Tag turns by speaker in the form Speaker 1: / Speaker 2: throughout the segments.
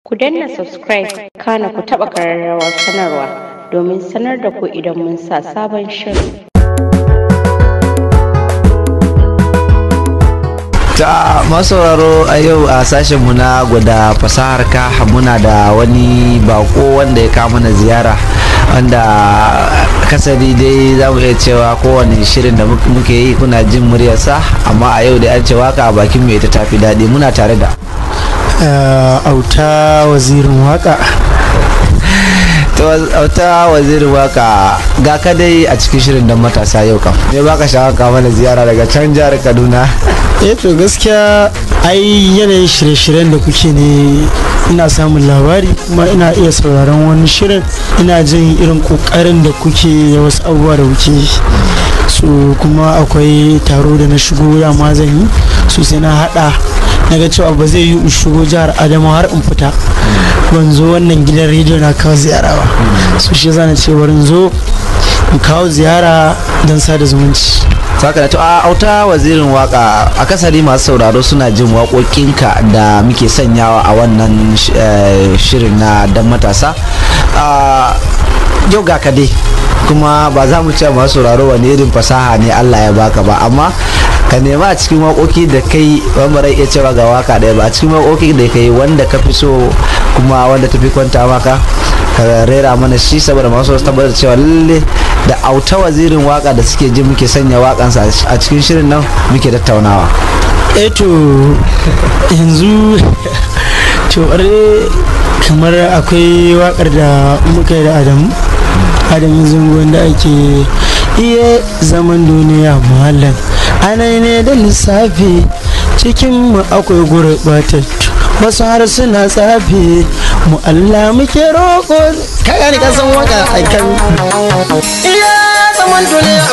Speaker 1: Ku danna subscribe kana ku taɓa ƙararrawar sanarwa domin sanar da ku idan mun sa sabon shirin.
Speaker 2: Ta masauraro a yau a sashenmu na gwada fasahar ka muna da wani bako wanda ya kama na ziyara wanda kasari dai za mu iya cewa kowane shirin da muke yi kuna jin muryarsa amma a yau da an ce ka a bakin mai ta tafi daɗi muna tare da.
Speaker 1: Eh, auta wazirin waka
Speaker 2: auta wazirin waka ga ka dai a cikin shirin don matasa yau kam me baka shawaka mana ziyara daga can
Speaker 1: jihar kaduna eh to gaskiya ai yanayin shirye-shiryen da kuke ne ina samun labari kuma ina iya sauraron wani shirin ina jin irin kokarin da kuke ya wasu abubuwa da kuke su kuma akwai taro da na shigo ma zan yi su sai na hada na ga cewa ba zai yi in shigo jihar adama har in fita ban zo wannan gidan rediyo na kawo ziyara ba su shi zana ce bari zo mu kawo ziyara don sada zumunci saka da to a auta
Speaker 2: wazirin waka akasari masu sauraro suna jin waƙoƙinka da muke sanyawa a wannan eh, shirin na dan matasa yau ga ka kuma ba za mu ce masu sauraro wani irin fasaha ne allah ya baka ba amma ka nema a cikin waƙoƙi da kai wanda iya cewa ga waka ɗaya ba a cikin waƙoƙi da kai wanda ka fi so kuma wanda ta fi kwanta maka ka rera mana shi saboda masu wasu tabbatar cewa lalle da auta wazirin waka da suke ji muke sanya wakansa a cikin shirin nan
Speaker 1: muke tattaunawa eto eh yanzu to kamar akwai wakar da muka yi da adamu adamu zungu wanda ake iya zaman duniya muhallin anai ne da lissafi cikinmu akwai gurɓatattu wasu har suna tsafi mu Allah muke roƙo ka gani ka san waka a kan iya zaman duniya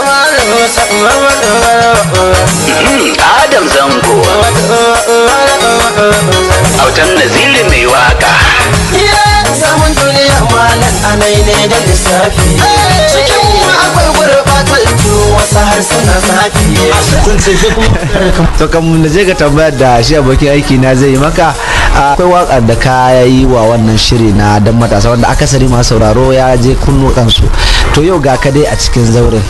Speaker 1: Adam Zango Autan Naziri mai waka Iya zaman duniya nan anai ne da lissafi wasu har suna
Speaker 2: to kamun da je ga tambayar da shi abokin aiki na zai yi maka akwai wakar da ka yi wa wannan shiri na dan matasa wanda akasari masu sauraro ya je kunno kansu to yau ga ka dai a cikin zauren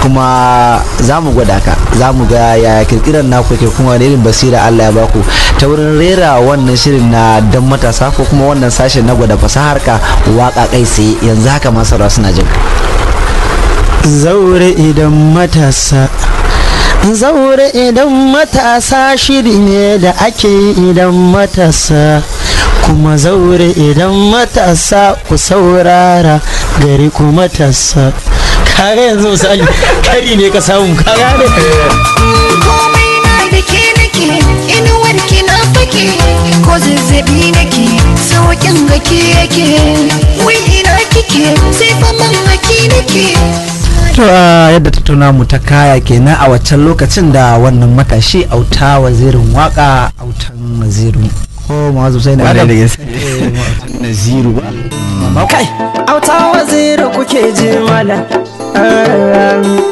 Speaker 2: kuma za mu gwada ka za mu ga ya kirkiran naku ke kuma wani irin basira Allah ya baku ta wurin rera wannan shirin na dan matasa ko kuma wannan sashen na gwada fasahar ka waka kai sai yanzu haka masu sauraro suna jin
Speaker 1: zaure idan matasa zaure idan matasa shiri ne da ake yi idan matasa kuma zaure idan matasa ku saurara gari ku matasa kare yanzu misali kari ne ka samu kaga ne komai na da ke nake inuwar ki ko zazzabi nake saukin gaki yake wai ina kike sai faman haki nake
Speaker 2: to a yadda tattauna mu ta kaya kenan a waccan lokacin da wannan matashi auta wazirin waka autan wazirin ko mazu sai na da adam naziru
Speaker 1: ba kai auta wazirin kuke je mala eh,